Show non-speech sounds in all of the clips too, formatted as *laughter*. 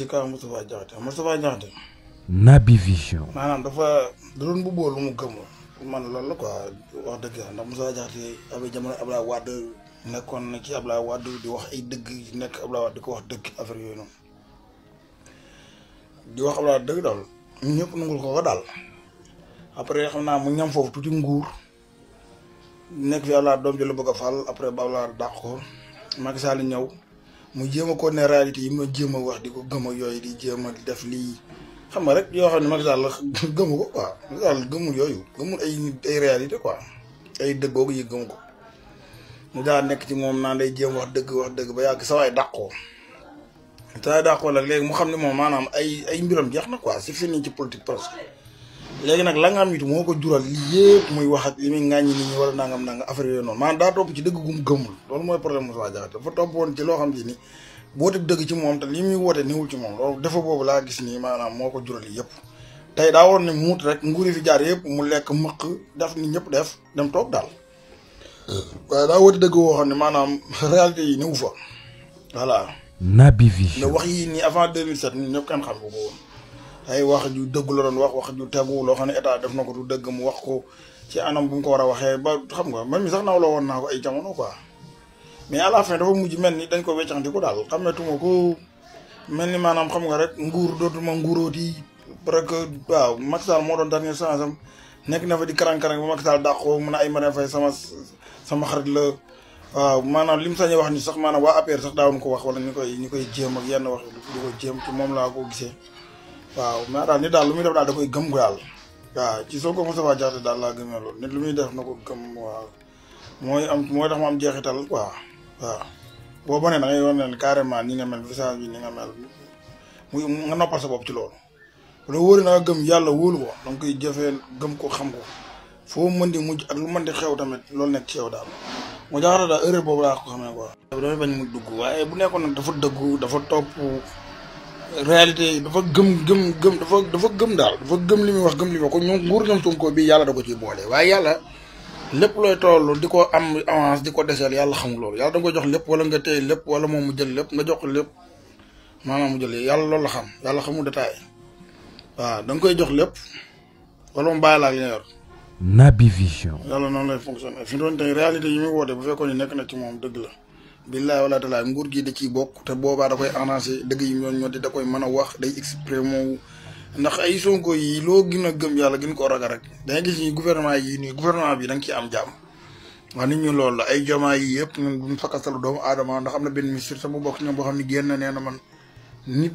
ci kaw Vision dafa doon bu mu gëm man la quoi wax ndax na ci di wax ay di ko wax affaire di wax nangul ko ko après mu ñam nguur fi bëgg fal après Macky Sall mu jéem a ko ne réalité yi ma jéem a wax di ko gëm ak yooyu di jéem a def lii xam nga rek yoo xam ne Macky Sall *laughs* gëmu ko quoi Macky yooyu gëmul ay ay réalité quoi ay dëggoogu yi gëmu ko mu daa nekk ci moom naan day jéem wax dëgg wax dëgg ba yàgg sa waay dàqoo sa waay dàqoo léegi mu xam ne moom maanaam ay ay mbiram jeex na ko si fini ci politique presque léegi nag la nga am it moo ko jural lii yëpp muy wax ak li muy ŋàññi nit ñi wala nangam nangam affaire yooyu noonu maanaam daa topp ci dëgg gum gëmul loolu mooy problème Moustapha Diakhaté dafa topp woon ci loo xam ci ni boo dëgg ci moom te li muy woote niwul ci moom loolu dafa boobu laa gis nii maanaam moo ko jural yëpp tey daa waroon ne muut rek nguuri fi jaar yëpp mu lekk mëq def ni ñëpp def dem toog daal euh. waaye daa woote dëgg woo xam ne maanaam réalité yi niwu fa voilà Naby Vision ne wax yii nii avant 2007 ñun ñëpp kenn xam ko woon ay wax ju deug la doon wax wax ju tegu lo xamne ne état def nako du deug mu wax ko ci anam bu ko war ba xam nga man mi sax na woon nako ay jamono quoi mais à la fin dafa muju melni dañ ko ko xam nga rek nguur ma parce que waaw Macky Sall doon dernier chance am nek na fa di karang-karang ba Macky Sall dàqoo mun ay Marème fay sama sama xarit le waaw manam lim sañ wax ni sax manam waa APR sax daawuñ ko wax wala ni koy ni koy jëm ak yenn wax du ko jëm ci mom la ko gisé waaw ma daal nit daal lu muy def daal da koy gëm ko yàlla waaw ci Sonko Moustapha Diakhaté daal laa gëmee loolu nit lu muy def na ko gëm waaw mooy am mooy tax mu am jeexital quoi waaw boo bonee da ngay wan leen carrément ni nga mel visage muy nga noppal ci loolu lu na gëm yàlla wóolu ko da gëm ko xam ko foo mën di mujj ak lu mën di xew tamit loolu nekk ci yow daal mu jaaxal daal boobu laa ko xamee quoi. mu dugg waaye bu nekkoon nag dafa dëggu dafa topp. réalité yi dafa gëm gëm gëm dafa dafa gëm daal dafa gëm li muy wax gëm li mu ko ñoom nguur ñoom ko bi yàlla da ko ci boole waaye yàlla lépp looy toll di ko am avance di ko deseel yàlla xamul loolu yàlla da nga jox lépp wala nga téye lépp wala moom mu jël lépp nga jox lépp maanaam mu jël yàlla lool la xam yàlla xamul détail waaw da nga koy jox lépp wala mu bàyyi la ak li nga yor. Naby Vision. yàlla noonu lay fonctionner fi mu doon réalité yi muy woote bu fekkoon ne nekk na ci moom dëgg la. billaay wala taala nguur gi da ciy bokk te boobaa da koy arrangé dëgg yi ñoon ñoo da koy mën a wax day exprimé wu ndax ay sonko yi loo gën a gëm yàlla gën ko ragal rek danga gis ñu gouvernement yi nii gouvernement bi da am jàmm waaw nit ñu loolu la ay jamaa yi yëpp ñun duñ fakkastalu doomu ndax am na benn ministre sama bokk ñoom boo xam ne génn nee na man nit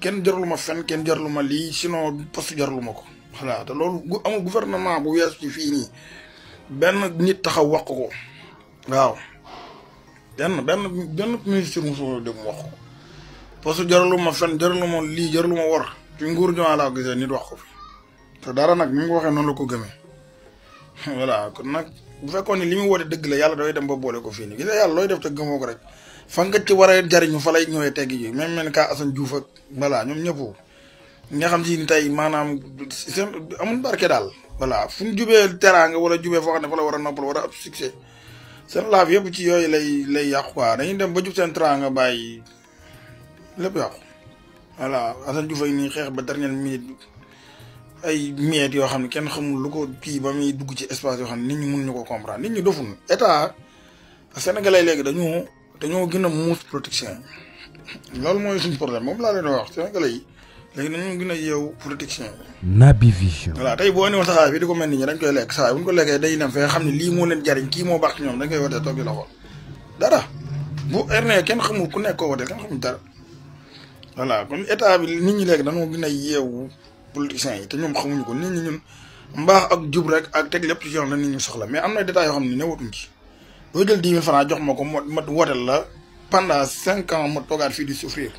kenn jarlu ma fen kenn jarlu ma lii sinon poste jarlu ma ko voilà te loolu amul gouvernement bu wees ci fii nii benn nit taxaw wax ko waaw benn benn benn ministre mosul dégg mu wax ko parce que jaralu ma fen jaralu ma lii jaralu ma war ci nguur jumaa laa gisee nit wax ko fi te dara nag ni mu waxee noonu la ko gëmee *laughs* voilà kon nag bu fekkoon ni li mu woote dëgg la yàlla dafay dem ba boole ko fii nii gis nga yàlla looy def te gëmoo ko rek fa nga ci war a jariñu fa lay ñëwee teggi ji même mel ka Assane Diouf ak voilà ñoom ñëpp nga xam si ni tey maanaam seen amul barke daal voilà fu ñu jubee teraanga wala jubee foo xam ne fa war a war a seen laaf yëpp ci yooyu lay lay yàqu quoi dañuy dem ba jub seen nga bàyyi lépp yàqu voilà Assane Diouf ak nii xeex ba dernière minute ay miettes yoo xam ne kenn xamul lu ko kii ba muy dugg ci espace yoo xam ne nit ñi mun ñu ko comprendre nit ñi dofun état sénégalais léegi dañoo dañoo gën a muus protection loolu mooy suñu problème moom laa leen wax sénégalais yi léegi nañu gën a yeewu politicien yi. Naby Vision. voilà tey boo nee saxaar bi di ko mel ni ñi dañ koy lekk saxaar bu ñu ko lekkee day dem fee xam ne lii moo leen jariñ kii moo baax ci ñoom dañ koy wootee toog di la xool dara bu ernee kenn xamul ku nekk koo wootee kenn xamul dara voilà kon état bi nit ñi léegi dañoo gën a yeewu politiciens yi te ñoom xamuñu ko nit ñi ñun mbaax ak jub rek ak teg lépp ci yoon la nit ñu soxla mais am na détails yoo xam ne newatuñ ci boo jël dix mille francs jox ma ko ma ma wooteel la pendant cinq ans ma toogaat fii di souffrir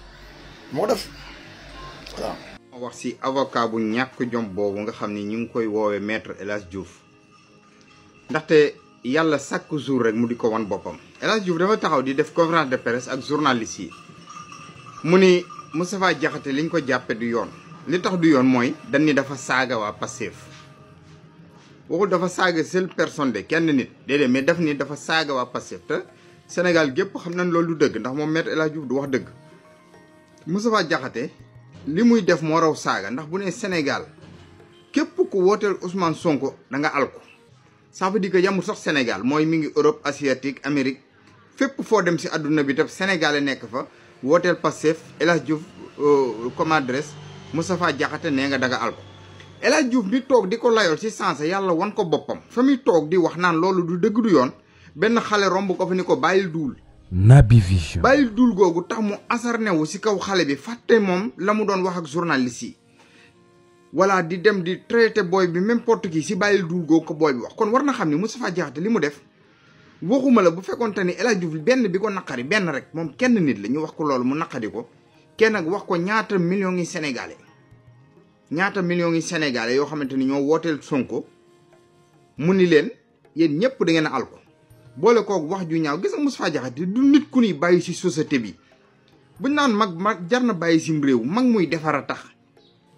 moo ko def. wax ci avocat bu ñàkk jom boobu nga xam ni ñu ngi koy woowee maître El Hadj Diouf ndaxte yàlla chaque jour rek mu di ko wan boppam. El dafa taxaw di def conférence de presse ak journaliste yi mu ni Moustapha Diakhaté liñ ko jàppe du yoon. li tax du yoon mooy dañ ni dafa saaga waa Pastef waxul dafa saaga seule personne de kenn nit déedéet mais daf ni dafa saaga waa Pastef te Sénégal gépp xam nañ loolu du dëgg ndax moom maître El Hadj Diouf du wax dëgg Moustapha Diakhaté li def mo raw saga ndax bu ne senegal kep ku wotel Ousmane Sonko da nga alko ça veut dire que yamul sax senegal moy mi ngi Europe asiatique amerique fep fo dem si aduna bi tap Sénégalais nek fa wotel passef El Diouf euh, comme adresse Moustapha jaxata ne nga daga alko El Diouf di ko layool si sensé won wan ko bopam fami tok di wax nan loolu du deug du yon ben xalé romb ko fa ko Naby Vision bàyyil dul googu tax mu asarnewu si kaw xale bi fàtte moom la mu doon wax ak journaliste yi walla di dem di traité booy bi n'importe qui ci bàyyil dul googu ko booy bi wax kon war na xam ni Moustapha Diakhaté li mu def waxuma la bu fekkonte ni El benn bi ko naqari benn rek moom kenn nit la ñu wax ko loolu mu naqari ko kenn ak wax ko ñaata million yi sénégalais ñaata millions yi sénégalais yoo xamante ni ñoo wooteel Sonko mu ni leen yéen ñëpp da ngeen a boole ko wax ju ñaaw gis nga Moustapha Diakhaté du nit ku ñuy bàyyi si société bi bu naan mag mag jar na bàyyi sim réew mag muy defar a tax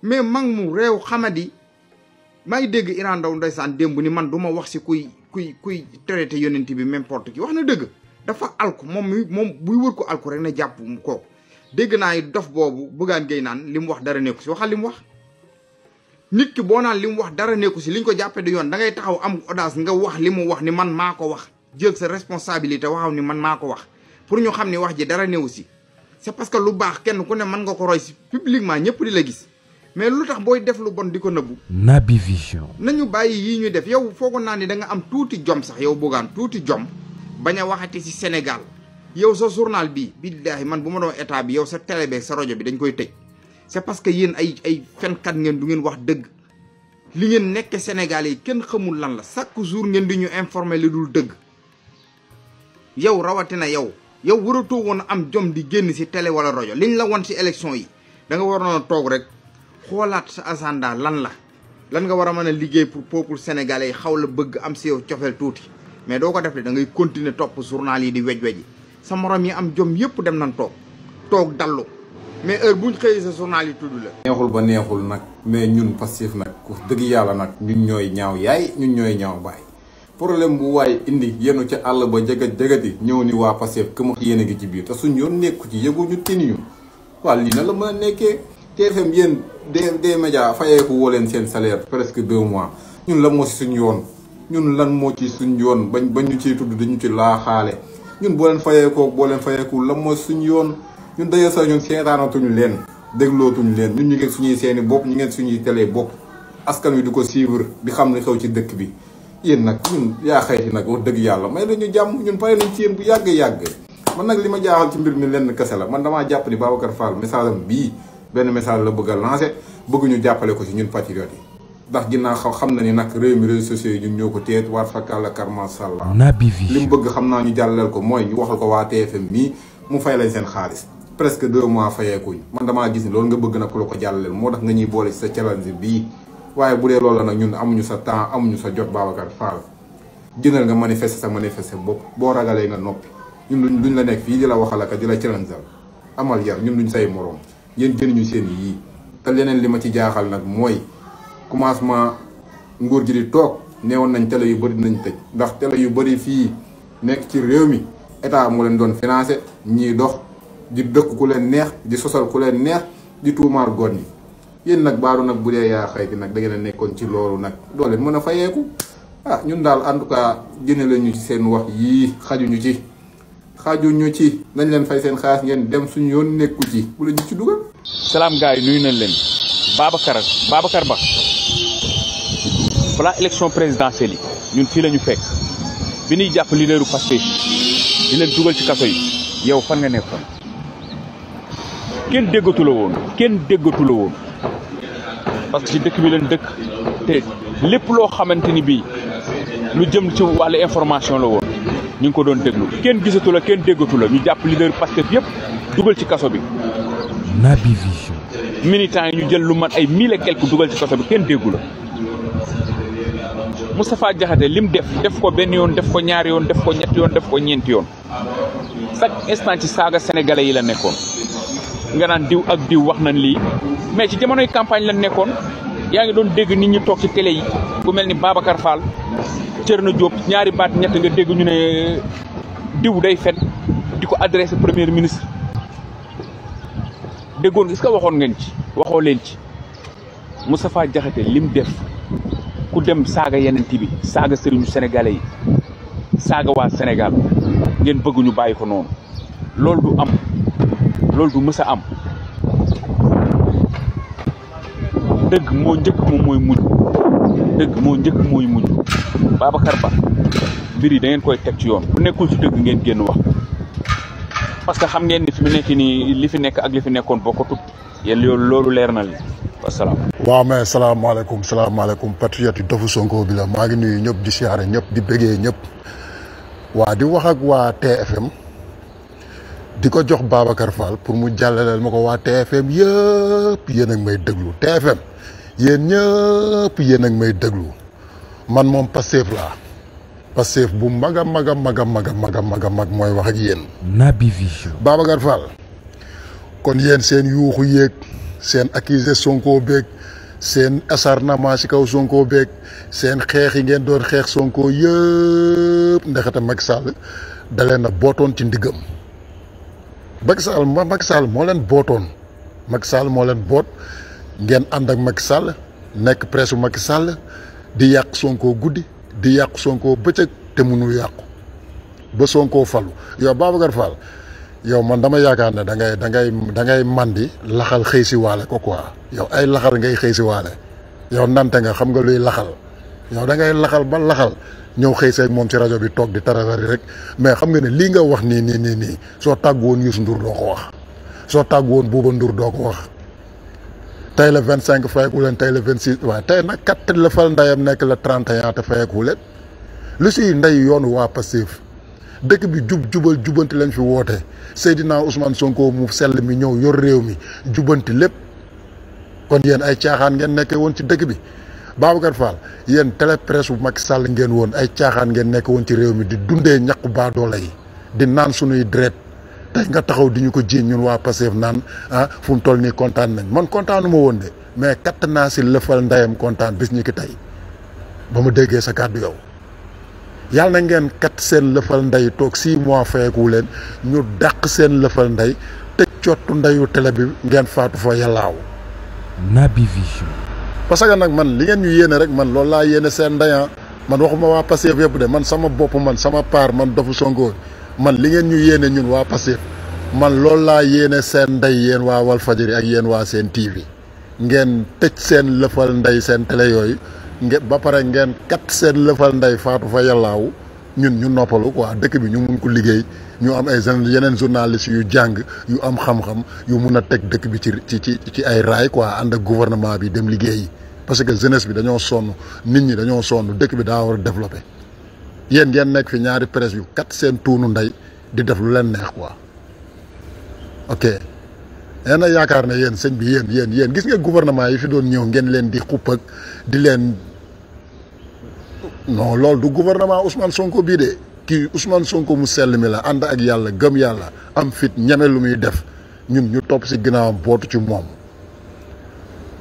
mais mag mu réew xamadi may dégg Iran Ndaw ndeysaan démb ni man duma wax si kuy kuy kuy traité yonent bi n'importe ki wax na dëgg dafa alku moom mi moom buy wër ko alku rek na jàpp kooku dégg naa dof boobu bëggaan gay naan li mu wax dara nekku si waxal li mu wax nit ki boo naan li mu wax dara nekku si liñ ko jàppee du yoon da ngay taxaw am audace nga wax li mu wax ni man maa ko wax jël sa responsabilité waxaw ni man mako wax pour ñu xamni ni wax ji dara neew ci c'est parce que lu baax kenn ku ne man nga ko roy ci publiquement ñepp di la gis mais lutax boy def lu bon diko neub nabi Vision nañu bayyi yi ñu def yow foko naa ni da nga am touti jom sax yow bogan touti jom baña waxati si Sénégal yow sa journal bi billahi man buma do état bi yow sa télé bi sa rajo bi dañ koy tej c'est parce que yeen ay ay kat ngeen du ngeen wax deug li ngeen nek sénégalais ken xamul lan la chaque jour ngeen di ñu informer li dul deug yow rawatina yow yow waratoo woon am jom di génn ci télé wala rajo liñ la won ci élection yi danga war waroon toog rek xoolaat sa agenda lan la lan nga war a mën a liggéey pour peuple sénégalais yi xaw la bëgg am si yow cofeel tuuti mais doo ko def de da ngay continuer topp journal yi di wej-weji sa moroom yi am jom yëpp dem nañ toog toog dallu mais heure buñ xëyee sa journal yi tudd la. neexul ba neexul nag mais ñun passif nag ku dëgg yàlla nag ñun ñooy ñaaw yaay ñun ñooy ñaaw baay. problème bu waaye indi yenu ca àll ba jagat jagati ñëw ni waa Pastef que ma yéen a ngi ci biir te suñ yoon nekku ci yëguñu tiniñu waaw lii na la mën nekkee TFM yéen des médias fayeeku woo leen seen salaire presque deux mois ñun la moo ci suñu yoon ñun lan moo ci suñ yoon bañ bañ ñu ciy tudd dañu ci laaxaale ñun boo leen fayeekoo boo leen fayeeku la moo suñu yoon ñun daye sax ñun seetaanatuñu leen déglootuñu leen ñun ñu ngeen suñuy seeni bopp ñu ngeen suñuy telee bopp askan wi du ko suivre bi xam ne xew ci dëkk bi yéen nag ñun yaa xayti nag wax dëgg yàlla may la jàmm ñun pare nañ ci yéen bu yàgg-yàgg man nag li ma jaaxal ci mbir mi lenn kese la man damaa jàpp ni Babacar Fall message am bii benn message la bëgg a lancé bëgg ñu jàppale ko si ñun patriotes yi ndax ginnaaw xaw xam na ni nag réew mi réseaux sociaux yi ñun ñoo ko téye waar fakàlla karma sàlla li mu bëgg xam naa ñu jàllaleel ko mooy ñu waxal ko waa TFM mii mu fay lañ seen xaalis presque deux mois fayeekuñ man damaa gis ni loolu nga bëgg nag ku la ko jàllaleel moo tax nga boole sa challenge bii waaye bu dee loolu la nag ñun amuñu sa temps amuñu sa jot Babacar Fall jëndal nga manifester sa manifester bopp boo ragalee nga noppi ñun duñ la nekk fii di la waxalaka di la challengeal amal yar ñun ñu say moroom yéen ñu seen yii te leneen li ma ci jaaxal nag mooy commencement nguur gi di toog neewoon nañ télé yu bëri dinañ tëj ndax tele yu bëri fii nekk ci réew mi état moo leen doon financé ñiy dox di dëkk ku leen neex di sosal ku leen neex di tuumaal góor ñi yéen nag baaru nag bu dee yaa xayti nag da ngeen nekkoon ci loolu nag doo leen mën a fayeeku ah ñun daal en tout cas génne lañu ci seen wax yii xajuñu ci xajuñu ci nañ leen fay seen xaalis ngeen dem suñu yoon nekku ci bu la ñu ci dugal. salaam gars yi nuyu nañ leen Babacar Babacar Ba balaa élection présidentielle yi ñun fii lañu fekk bi ñuy jàpp leaderu Pastef di leen dugal ci kaso yi yow fan nga nekkoon kenn déggatu la woon kenn déggatu la woon. parce que ci dëkk bi leen dëkk te lépp loo xamante ni bii lu jëm ci wàll information la woon ñu ngi ko doon déglu kenn gisatu la kenn déggatu la ñu jàpp leader Pastef yëpp dugal ci kaso bi. Naby yi ñu jël lu mat ay mille et quelques dugal ci kaso bi kenn déggu la Moustapha Diakhaté lim def def ko benn yoon def ko ñaari yoon def ko ñetti yoon def ko ñeenti yoon chaque instant ci saaga sénégalais yi la nekkoon. nga nan diw ak diw wax nan li mais ci jamono campagne la nekkon ya nga don deg nit ñi tok ci télé yi bu melni Babacar Fall cierno Diop ñaari baat ñet nga deg ñu ne diw day fet di ko premier ministre degon gis ka waxon ngeen ci waxo len ci mustapha Diakhaté lim def ku dem saga yenen tibi saga serigne sénégalais yi saga wa Sénégal ngeen bëggu ñu bayiko non lolou du am loolu du mës am dëgg moo njëkk moom mooy mujj dëgg moo njëkk mooy mujj Babacar Ba mbir yi da ngeen koy teg ci yoon bu nekkul ci dëgg ngeen génn wax parce que xam ngeen ni fi mu nekk nii li fi nekk ak li fi nekkoon bokkatut yéen loolu leer na li wasalaam waaw mais salaamaaleykum salaamaaleykum patriote yi dofu Sonko bi la maa ngi nuyu ñëpp di siyaare ñëpp di bëggee ñëpp waa di wax ak waa TFM di jox babakar Fall pour mu jallalal mako wa TFM yëpp yen ak may deglu TFM yen ñëpp yen ak may deglu man mom Pastef la Pastef bu magam magam magam magam magam magam mag moy wax ak yéen. nabi Vision. babakar Fall kon yen seen yuuxu yek seen accusé Sonko beeg seen acharnement ci kaw Sonko bek seen xex yi ngeen doon xex Sonko yëpp ndaxata mak Sall dalena boton ci ndigam Maksal Sall maksal Sall moo leen bootoon Macky Sall moo leen boot ngeen ànd ak Macky presse di yak Sonko gudi di yak Sonko bëccëg te munu Sonko falu Ya babagar Fall yo man dama yakane da ngay da ngay da ngay mandi laxal xeysi si ko quoi yo ay laxal ngay xeysi si yo yow nante nga xam nga luy laxal yo da ngay laxal ba laxal ñëw xëy seeg moom ci rajo bi toog di tararari rek mais xam nga ne lii nga wax nii nii nii nii soo tàgg woon Youssou Ndour doo ko wax soo tàgg woon Bouba Ndour doo ko wax tey la vingt cinq ku leen tey la vingt six waaye tey nag kat la fal ndeyam nekk la trente et un te fayeeku leen lu si ndey yoonu waa Pastef dëkk bi jub jubal jubanti lañ fi woote Seydina Ousmane Sonko mu sell mi ñëw yor réew mi jubanti lépp kon yéen ay caaxaan ngeen nekkee woon ci dëkk bi Babacar Fall yéen télépresse bu Macky Sall ngeen woon ay caaxaan ngeen nekk woon ci réew mi di dundee ñaqu baadoole yi di naan suñuy dret tey nga taxaw di ñu ko jiiñ ñun waa Pastef naan ah fu mu toll nii kontaan nañ man kontaanu ma woon de mais katt naa si lëfal ndeyam kontaan bis ñu ko tey ba mu déggee sa kàddu yow. yàlla na ngeen kat seen lëfal ndey toog six mois feeku leen ñu dàq seen lëfal ndey te cottu ndeyu tele bi ngeen faatu fa yàllaaw. Naby parce que nag man li ngeen ñu yéene rek man loolu laa yéene seen ndeyan ah. man waxuma waa Pastef yëpp de man sama bopp man sama paar man dofu Sonko man li ngeen ñu yéene ñun waa Pastef man loolu laa yéene seen ndey yéen waa Walfadjri ak yéen waa seen TV ngeen tëj seen lëfal ndey seen télé yooyu ba pare ngeen kat seen lëfal ndey faatu fa yàllaaw ñun ñu noppalu quoi dëkk bi ñu mun ko liggéey ñu am ay yeneen journalistes yu jàng yu am xam-xam yu mun a teg dëkk bi ci ci ci ci ay raay quoi ànd ak gouvernement bi dem liggéeyi. parce que jeunesse bi dañoo sonn nit ñi dañoo sonn dëkk bi daa war a développé yéen ngeen nekk fi ñaari presse yu kat seen tuunu ndey di def lu leen neex quoi ok. yéen a yaakaar ne yéen sëñ bi yéen yéen yéen gis nga gouvernement yi fi doon ñëw ngeen leen di xupp di leen. non loolu du guvernement Ousmane Sonko bii de kii Ousmane Sonko mu sell mi la ànd ak yàlla gëm yàlla am fit ñeme lu muy def ñun ñu topp si ginnaawam bootu ci moom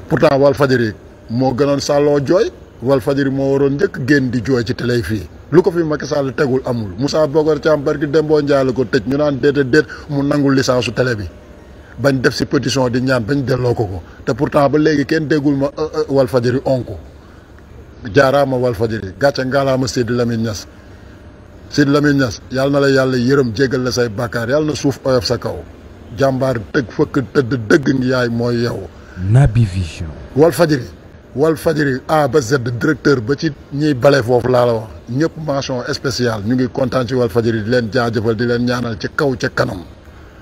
pourtant Walfadjri moo gënoon sàlloo jooy wal Walfadjri moo waroon njëkk génn di jooy ci télé fii lu ko fi Macky Sall tegul amul Moussa Bocar Thiam barki Dembo Ndiaye la ko tëj ñu naan déet déet mu nangu licence su télé bi bañ def si pétition di ñaan bañ delloo ko ko te pourtant ba léegi kenn déggul ma euh, euh, Walfadjri onko jaaraama Walfadjri gàcce ngaalaama Sidi Lamine Niass Sidi Lamine Niass yàlla na la yàlla yërëm jégal la say bàkkaar yàlla na suuf oyof sa kaw jàmbaar dëgg fëkk tëdd dëgg ngi yaay mooy yow. nabi Vision. wal wal Walfadjri A ba Z directeur ba ci ñiy bale foofu laa la wax ñëpp mention spéciale ñu ngi kontaan ci wal Walfadjri di leen jaajëfal di leen ñaanal ci kaw ca kanam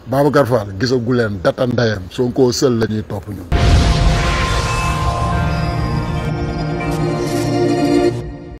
Babacar Fall gisagu leen data ndayam Sonko sël la ñuy topp ñu